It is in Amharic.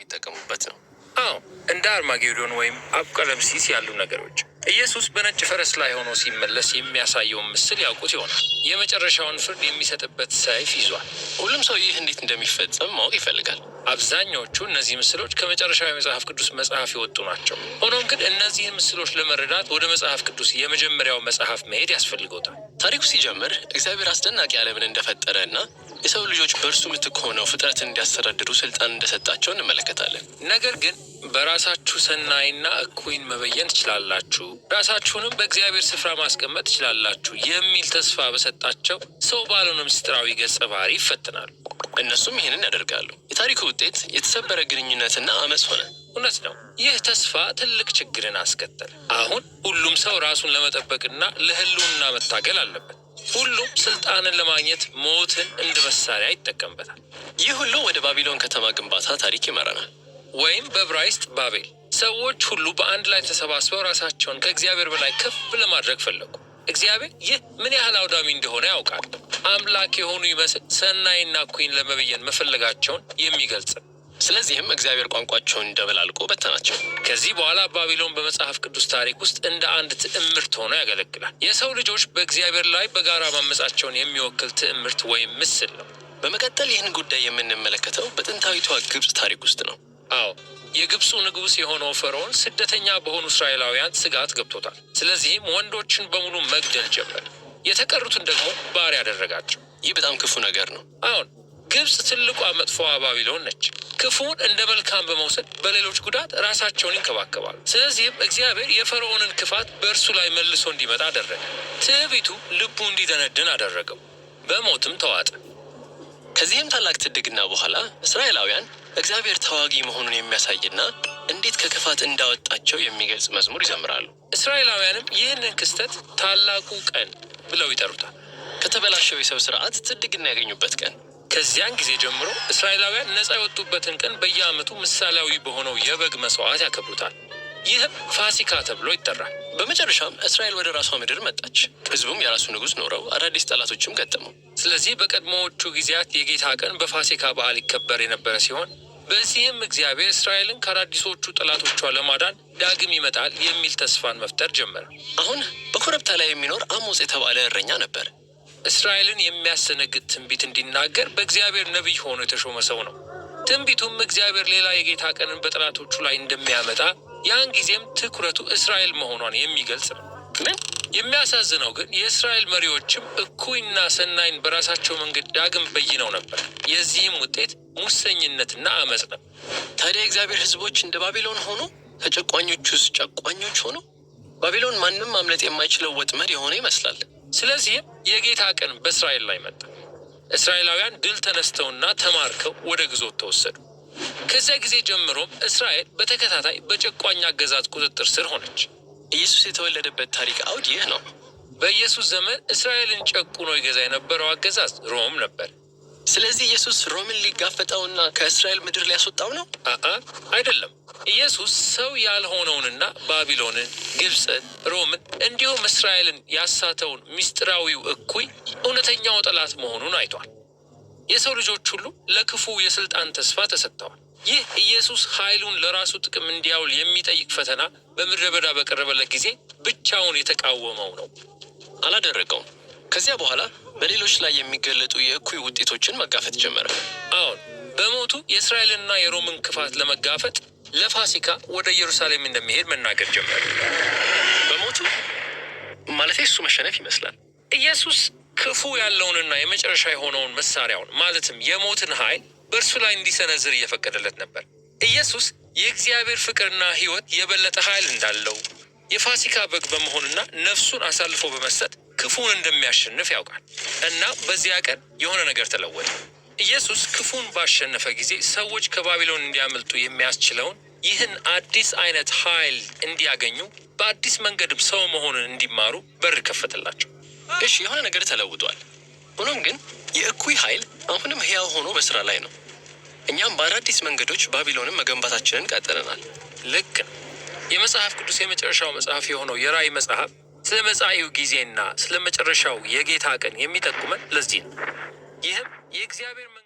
የሚጠቀሙበት ነው። አዎ እንደ አርማጌዶን ወይም አፖቃሊፕሲስ ያሉ ነገሮች ኢየሱስ በነጭ ፈረስ ላይ ሆኖ ሲመለስ የሚያሳየውን ምስል ያውቁት ይሆናል። የመጨረሻውን ፍርድ የሚሰጥበት ሰይፍ ይዟል። ሁሉም ሰው ይህ እንዴት እንደሚፈጸም ማወቅ ይፈልጋል። አብዛኛዎቹ እነዚህ ምስሎች ከመጨረሻው የመጽሐፍ ቅዱስ መጽሐፍ የወጡ ናቸው። ሆኖም ግን እነዚህን ምስሎች ለመረዳት ወደ መጽሐፍ ቅዱስ የመጀመሪያው መጽሐፍ መሄድ ያስፈልገውታል። ታሪኩ ሲጀምር እግዚአብሔር አስደናቂ ዓለምን እንደፈጠረ እና የሰው ልጆች በእርሱ ምትክ ሆነው ፍጥረትን እንዲያስተዳድሩ ስልጣን እንደሰጣቸው እንመለከታለን። ነገር ግን በራሳችሁ ሰናይና እኩይን መበየን ትችላላችሁ፣ ራሳችሁንም በእግዚአብሔር ስፍራ ማስቀመጥ ትችላላችሁ የሚል ተስፋ በሰጣቸው ሰው ባልሆነ ምስጢራዊ ገጸ ባህሪ ይፈትናሉ። እነሱም ይህንን ያደርጋሉ። የታሪኩ ውጤት የተሰበረ ግንኙነትና አመፅ ሆነ። እውነት ነው። ይህ ተስፋ ትልቅ ችግርን አስከተለ። አሁን ሁሉም ሰው ራሱን ለመጠበቅና ለህልውና መታገል አለበት። ሁሉም ስልጣንን ለማግኘት ሞትን እንደ መሳሪያ ይጠቀምበታል። ይህ ሁሉ ወደ ባቢሎን ከተማ ግንባታ ታሪክ ይመራናል፣ ወይም በብራይስጥ ባቤል። ሰዎች ሁሉ በአንድ ላይ ተሰባስበው ራሳቸውን ከእግዚአብሔር በላይ ከፍ ለማድረግ ፈለጉ። እግዚአብሔር ይህ ምን ያህል አውዳሚ እንደሆነ ያውቃል። አምላክ የሆኑ ይመስል ሰናይና ኩን ለመበየን መፈለጋቸውን የሚገልጽ ነው። ስለዚህም እግዚአብሔር ቋንቋቸውን እንደበላልቆ በተናቸው። ከዚህ በኋላ ባቢሎን በመጽሐፍ ቅዱስ ታሪክ ውስጥ እንደ አንድ ትዕምርት ሆኖ ያገለግላል። የሰው ልጆች በእግዚአብሔር ላይ በጋራ ማመጻቸውን የሚወክል ትዕምርት ወይም ምስል ነው። በመቀጠል ይህን ጉዳይ የምንመለከተው በጥንታዊቷ ግብፅ ታሪክ ውስጥ ነው። አዎ የግብፁ ንጉሥ የሆነው ፈርዖን ስደተኛ በሆኑ እስራኤላውያን ስጋት ገብቶታል። ስለዚህም ወንዶችን በሙሉ መግደል ጀመረ። የተቀሩትን ደግሞ ባሪያ ያደረጋቸው። ይህ በጣም ክፉ ነገር ነው። አሁን ግብፅ ትልቋ መጥፎዋ ባቢሎን ነች። ክፉን እንደ መልካም በመውሰድ በሌሎች ጉዳት ራሳቸውን ይንከባከባሉ። ስለዚህም እግዚአብሔር የፈርዖንን ክፋት በእርሱ ላይ መልሶ እንዲመጣ አደረገ። ትዕቢቱ ልቡ እንዲደነድን አደረገው፣ በሞትም ተዋጠ። ከዚህም ታላቅ ትድግና በኋላ እስራኤላውያን እግዚአብሔር ተዋጊ መሆኑን የሚያሳይና እንዴት ከክፋት እንዳወጣቸው የሚገልጽ መዝሙር ይዘምራሉ። እስራኤላውያንም ይህንን ክስተት ታላቁ ቀን ብለው ይጠሩታል። ከተበላሸው የሰው ስርዓት ትድግና ያገኙበት ቀን ከዚያን ጊዜ ጀምሮ እስራኤላውያን ነፃ የወጡበትን ቀን በየዓመቱ ምሳሌያዊ በሆነው የበግ መስዋዕት ያከብሩታል። ይህም ፋሲካ ተብሎ ይጠራል። በመጨረሻም እስራኤል ወደ ራሷ ምድር መጣች። ህዝቡም የራሱ ንጉሥ ኖረው አዳዲስ ጠላቶችም ገጠሙ። ስለዚህ በቀድሞዎቹ ጊዜያት የጌታ ቀን በፋሲካ በዓል ይከበር የነበረ ሲሆን በዚህም እግዚአብሔር እስራኤልን ከአዳዲሶቹ ጠላቶቿ ለማዳን ዳግም ይመጣል የሚል ተስፋን መፍጠር ጀመረ። አሁን በኮረብታ ላይ የሚኖር አሞጽ የተባለ እረኛ ነበር። እስራኤልን የሚያሰነግድ ትንቢት እንዲናገር በእግዚአብሔር ነቢይ ሆኖ የተሾመ ሰው ነው። ትንቢቱም እግዚአብሔር ሌላ የጌታ ቀንን በጠላቶቹ ላይ እንደሚያመጣ ያን ጊዜም ትኩረቱ እስራኤል መሆኗን የሚገልጽ ነው። ምን የሚያሳዝነው ግን የእስራኤል መሪዎችም እኩይና ሰናይን በራሳቸው መንገድ ዳግም በይነው ነበር። የዚህም ውጤት ሙሰኝነትና አመፅ ነው። ታዲያ የእግዚአብሔር ሕዝቦች እንደ ባቢሎን ሆኖ ከጨቋኞቹስ ጨቋኞች ሆኖ ባቢሎን ማንም ማምለጥ የማይችለው ወጥመድ የሆነ ይመስላል። ስለዚህም የጌታ ቀን በእስራኤል ላይ መጣ። እስራኤላውያን ድል ተነስተውና ተማርከው ወደ ግዞት ተወሰዱ። ከዚያ ጊዜ ጀምሮም እስራኤል በተከታታይ በጨቋኝ አገዛዝ ቁጥጥር ስር ሆነች። ኢየሱስ የተወለደበት ታሪክ አውድ ይህ ነው። በኢየሱስ ዘመን እስራኤልን ጨቁኖ ይገዛ የነበረው አገዛዝ ሮም ነበር። ስለዚህ ኢየሱስ ሮምን ሊጋፈጠውና ከእስራኤል ምድር ሊያስወጣው ነው? አይደለም። ኢየሱስ ሰው ያልሆነውንና ባቢሎንን፣ ግብፅን፣ ሮምን እንዲሁም እስራኤልን ያሳተውን ምስጢራዊው እኩይ እውነተኛው ጠላት መሆኑን አይቷል። የሰው ልጆች ሁሉ ለክፉ የስልጣን ተስፋ ተሰጥተዋል። ይህ ኢየሱስ ኃይሉን ለራሱ ጥቅም እንዲያውል የሚጠይቅ ፈተና በምድረ በዳ በቀረበለት ጊዜ ብቻውን የተቃወመው ነው፣ አላደረገውም። ከዚያ በኋላ በሌሎች ላይ የሚገለጡ የእኩይ ውጤቶችን መጋፈጥ ጀመረ። አሁን በሞቱ የእስራኤልና የሮምን ክፋት ለመጋፈጥ ለፋሲካ ወደ ኢየሩሳሌም እንደሚሄድ መናገር ጀመረ። በሞቱ ማለት እሱ መሸነፍ ይመስላል። ኢየሱስ ክፉ ያለውንና የመጨረሻ የሆነውን መሳሪያውን ማለትም የሞትን ኃይል በእርሱ ላይ እንዲሰነዝር እየፈቀደለት ነበር። ኢየሱስ የእግዚአብሔር ፍቅርና ሕይወት የበለጠ ኃይል እንዳለው የፋሲካ በግ በመሆንና ነፍሱን አሳልፎ በመስጠት ክፉን እንደሚያሸንፍ ያውቃል እና በዚያ ቀን የሆነ ነገር ተለወጠ። ኢየሱስ ክፉን ባሸነፈ ጊዜ ሰዎች ከባቢሎን እንዲያመልጡ የሚያስችለውን ይህን አዲስ አይነት ኃይል እንዲያገኙ በአዲስ መንገድም ሰው መሆንን እንዲማሩ በር ከፈተላቸው። እሺ፣ የሆነ ነገር ተለውጧል። ሆኖም ግን የእኩይ ኃይል አሁንም ሕያው ሆኖ በስራ ላይ ነው። እኛም በአዳዲስ መንገዶች ባቢሎንን መገንባታችንን ቀጥለናል። ልክ ነው። የመጽሐፍ ቅዱስ የመጨረሻው መጽሐፍ የሆነው የራእይ መጽሐፍ ስለ መጻኢው ጊዜና ስለ መጨረሻው የጌታ ቀን የሚጠቁመን ለዚህ ነው። ይህም የእግዚአብሔር